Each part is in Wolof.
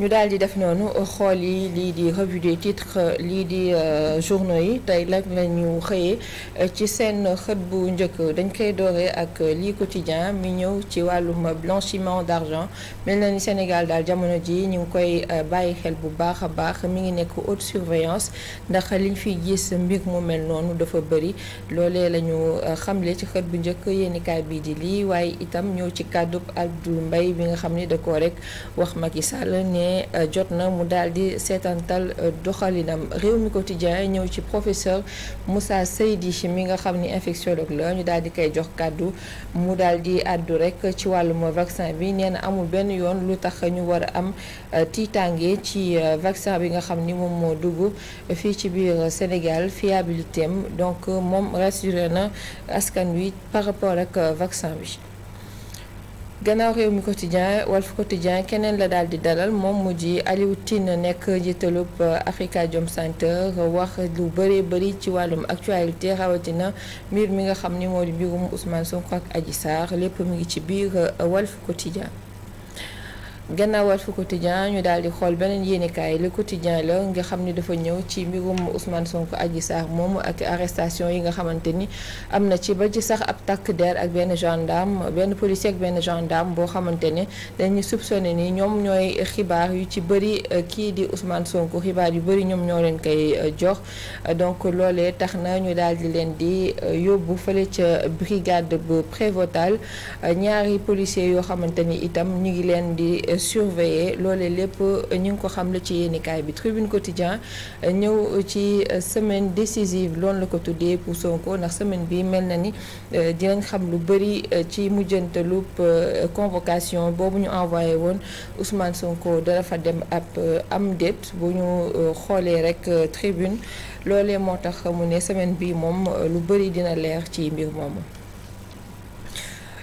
ñu daal di def noonu xool yi lii di revue des lii di euh, journaux yi tey lag lañu xëyee euh, ci seen xët bu njëkk dañ koy dooree ak lii quotidien mi ñëw ci wàllum blanchiment d'argent mel na ni Sénégal daal jamono ji ñu ngi koy euh, bàyyi xel bu baax a baax mi ngi nekk haute surveillance ndax liñ fiy gis mbir mu mel noonu dafa bëri loole lañu xamle ci xët bu njëkk yéenikaay bii di lii waaye itam ñëw ci kàddu ak du mbay bi nga xam ni da ko rek wax Macky ne euh, jot na mu daal di seetantal euh, doxalinam réew mi quotidien ñëw ci professeur Moussa Seydi mi nga xam ni infectiologue la ñu daal di koy jox kàddu mu daal di àddu rek ci wàllum vaccin bi nee na amul benn yoon lu tax ñu war a am euh, tiitaange ci vaccin bi nga xam ni moom moo dugg fii ci biir Sénégal fiabilité am donc moom rassuré na askan wi par rapport ak vaccin bi. gannaaw réew mi quotidien Walf Quotidien keneen la daal di dalal moom mu ji Aliou Tine nekk njiitalub eh, Africa Jom Center wax lu bëree bëri ci wàllum actualité rawatina mbir mi nga xam ni moo di mbirum Ousmane Sonko ak aji Sarr lépp mu ngi ci biir eh, Walf Quotidien gannaawal fu quotidien ñu daal di xool beneen yéenekaay le quotidien la nga xam ni dafa ñëw ci mbirum Ousmane Sonko Adji Sarr moom ak arestation yi nga xamante ni am na ci ba ci sax ab takk der ak benn gendarme benn policier ak benn gendarme boo xamante ne dañu soupçonné ni ñoom ñooy xibaar yu ci bëri kii di Ousmane Sonko xibaar yu bëri ñoom ñoo leen koy euh, jox donc loolee tax na ñu daal di leen di euh, yóbbu fële ca brigade bu prévôtal ñaari policier yoo xamante ni itam ñu ngi leen di surveiller loole lépp ñu ngi ko xam la ci yéenikaay bi tribune quotidien ñëw ci euh, semaine décisive loolu la ko tuddee pour Sonko ndax semaine bi mel na ni euh, dinañ xam lu bëri euh, ci mujjantalub convocation boobu ñu envoyé woon Ousmane Sonko dara fa dem ab am déet bu ñu xoolee rek tribune loole moo tax mu ne semaine bi moom lu bëri dina leer ci mbir moomu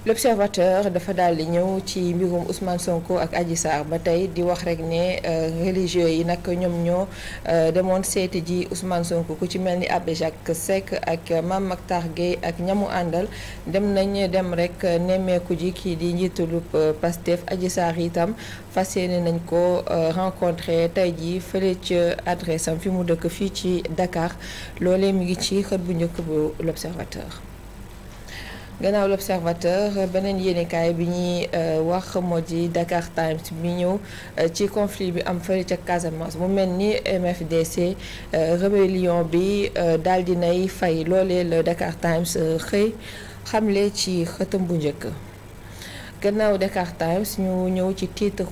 l'observateur dafa daal di ñëw ci mbirum Ousmane Sonko ak Adji Sarr ba tey di wax rek ne euh, religieux yi nag ñoom ñoo euh, demoon seeti ji Ousmane Sonko ku ci mel ni Abbé Jacques Seck ak Mame Mactar ak ñamu àndal dem nañ dem rek nemmeeku ji kii di njiitalu euh, Pastef Adji Sarr itam fas yéene nañ ko rencontré tey ji fële ci adresse am fi mu dëkk fii ci Dakar loole mu ngi ci xët bu njëkk bu l'observateur gannaaw l' observateur beneen yéenekaay bi ñuy euh, wax moo di Dakar Times bi ñëw euh, ci conflit bi am fële ca Casamance mu mel ni MFDC euh, rébellion bi daal di nay fay loolee la Dakar xëy xamle ci xëtam bu njëkk. gannaaw Dakar ñu ñëw ci titre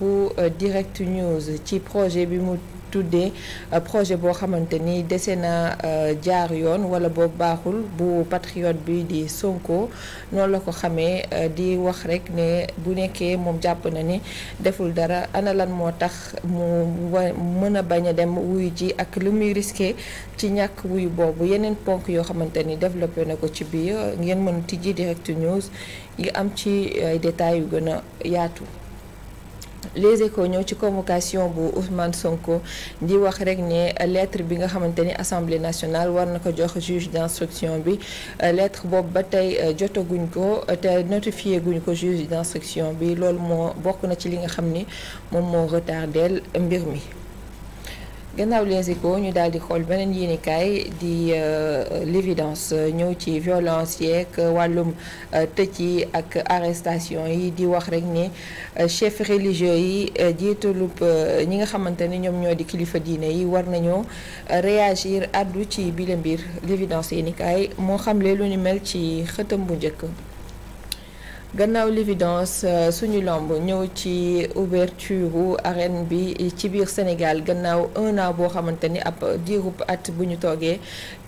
Direct News ci projet bi mu. tuddee euh, projet boo xamante ni dese na euh, jaar yoon wala boo baaxul bu patriote bi di Sonko noonu la ko xamee euh, di wax rek ne bu nekkee moom jàpp na ni deful dara ana lan moo tax mu mën a bañ a dem wuy ji ak lu muy risqué ci ñàkk wuyu boobu yeneen ponk yoo xamante ni développé na ko ci biir ngeen mën tijji direct news yi am ci ay détails yu gën a yaatu. les ko ñëw ci convocation bu Ousmane Sonko di wax rek ne lettre bi nga xamante ni assemblée nationale war na ko jox juge d'instruction bi lettre boobu ba tey euh, jotaguñu ko te notifié guñ ko juge d'instruction bi loolu moo bokk na ci li nga xam ni moom moo retardeel mbir mi. gannaaw les ñu daal di xool beneen yéenekaay di euh, l'évidence euh, ñëw ci violence yeeg euh, wàllum tëj yi ak arrestation yi di wax rek ni chef religieux yi jiitalub ñi nga xamante ne ñoom ñoo di kilifa diine yi war nañoo réagir addu ci bile mbir l'évidence yéenekaay moo xamle lu ni mel ci xëtam bu njëkk gannaaw l'évidence euh, suñu lomb ñëw ci ouverture arène bi ci biir Sénégal gannaaw un boo xamante ni ab diirub at bu ñu toogee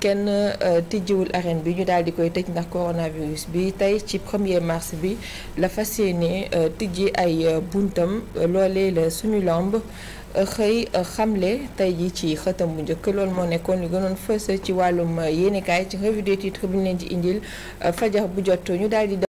kenn euh, tijjiwul arène bi ñu daal di koy tëj ndax coronavirus bi tey ci 1er mars bi la fas yéene euh, tijji ay buntam loolee la suñu lomb xëy xamle tey ji ci xëtam bu njëkk lool moo nekkoon li gënoon fës ci wàllum yéenekaay ci revue des titres leen di indil fajar bu jot ñu daal di